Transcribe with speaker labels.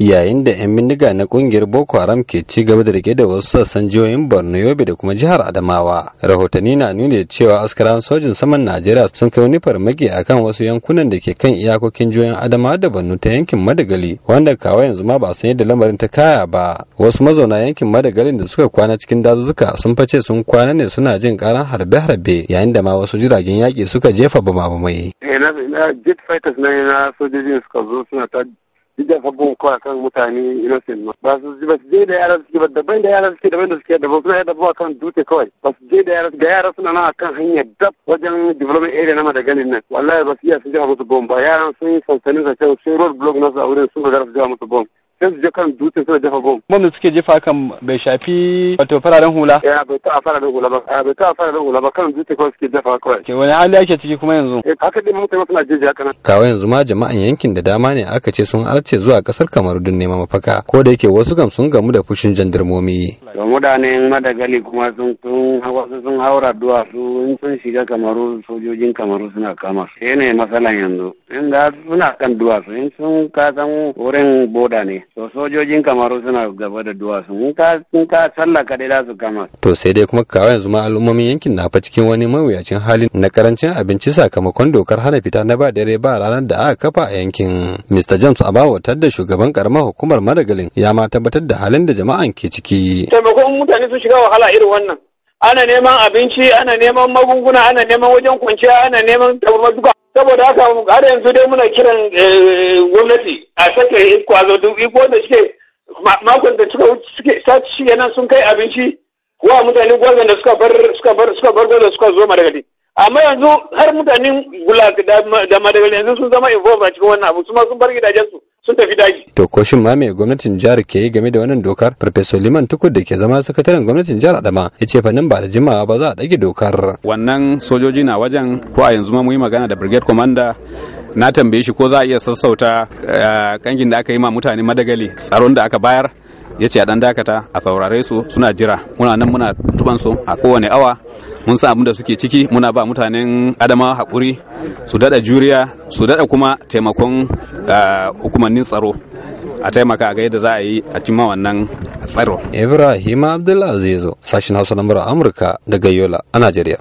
Speaker 1: yayin da 'yan bindiga na kungiyar boko haram ke ci gaba da rike da wasu sassan jihohin borno yobe da kuma jihar adamawa rahotanni na nuna da cewa askaran sojin saman najeriya sun kai wani farmaki akan wasu yankunan da ke kan iyakokin jihohin adamawa da borno ta yankin madagali wanda kawai yanzu ma ba san da lamarin ta kaya ba wasu mazauna yankin madagalin da suka kwana cikin dazuzzuka sun face sun kwana ne suna jin karan harbe-harbe yayin da ma wasu jiragen yaƙi suka jefa bama-bamai.
Speaker 2: Eh, na jet fighters na sojojin suka zo suna ta idan abubuwan kawai kan mutane innocent ma ba su ba su je da yara suke ba daban da yara suke daban da suke daban suna yadda abubuwa kan dutse kawai ba su je da yara ga yara suna nan akan hanyar dab wajen development area na madaganin nan wallahi ba su iya su jawa musu bomba yaran sun yi sansanin sa sai road block nasu a wurin sun riga su jawa musu bomba sai su je kan dutse suna jefa bom
Speaker 1: bom da suke jefa kan bai shafi wato fararen hula
Speaker 2: ya bai ta fararen hula ba bai ta fararen hula ba kan dutse kawai suke jefa kawai ke wani hali ake ciki kuma yanzu eh, haka dai mutane suna jeje haka
Speaker 1: nan kawai yanzu ma jama'an yankin da dama ne aka ce sun arce zuwa kasar kamaru don neman mafaka ko da yake wasu gam sun gamu da fushin jandarmomi
Speaker 2: to mutanen madagali kuma sun wasu sun haura duwatsu in sun shiga kamaru sojojin kamaru suna kama su ne matsalan yanzu in da suna kan duwatsu in sun ka san wurin boda ne to sojojin kamaru suna gaba da duwatsu in ka in ka da su kama to sai
Speaker 1: dai kuma kawai yanzu ma al'ummomin yankin na fa cikin wani mawuyacin hali na karancin abinci sakamakon dokar hana fita na ba dare ba ranar da aka kafa a yankin Mr James Abawa da shugaban karamar hukumar madagalin ya ma tabbatar da halin da jama'an ke ciki.
Speaker 3: sakamakon mutane su shiga wahala irin wannan ana neman abinci ana neman magunguna ana neman wajen kwanciya ana neman taurin duka saboda haka har yanzu dai muna kiran eh, gwamnati a saka kwazo duk iko da suke makon da suka suke sati nan sun kai abinci wa mutane gwamnati da suka bar suka bar suka bar gwamnati suka zo madagali amma yanzu har mutanen gulag da madagali yanzu sun zama involved a cikin wannan abu su ma sun bar gidajensu sun tafi
Speaker 1: daji. To ko shin ma me gwamnatin jihar ke yi game da wannan dokar? Farfesa Liman Tukur da ke zama sakataren gwamnatin jihar Adama ya ce fannin ba da jimawa ba za a ɗage dokar.
Speaker 4: Wannan sojoji na wajen ko a yanzu ma mu yi magana da brigade commander na tambaye shi ko za a iya sassauta eh, kangin da aka yi ma mutane madagali tsaron da aka bayar ya ce a dan dakata a saurare su suna jira muna nan muna tuban su a kowane awa mun san abin da suke ciki muna ba mutanen adamawa haƙuri su dada juriya su dada kuma taimakon Ah, hukumannin tsaro a taimaka ga yadda za a yi a cimma wannan tsaro.
Speaker 1: Ibrahim Abdulaziz sashen Hausa na Amurka daga Yola a Najeriya.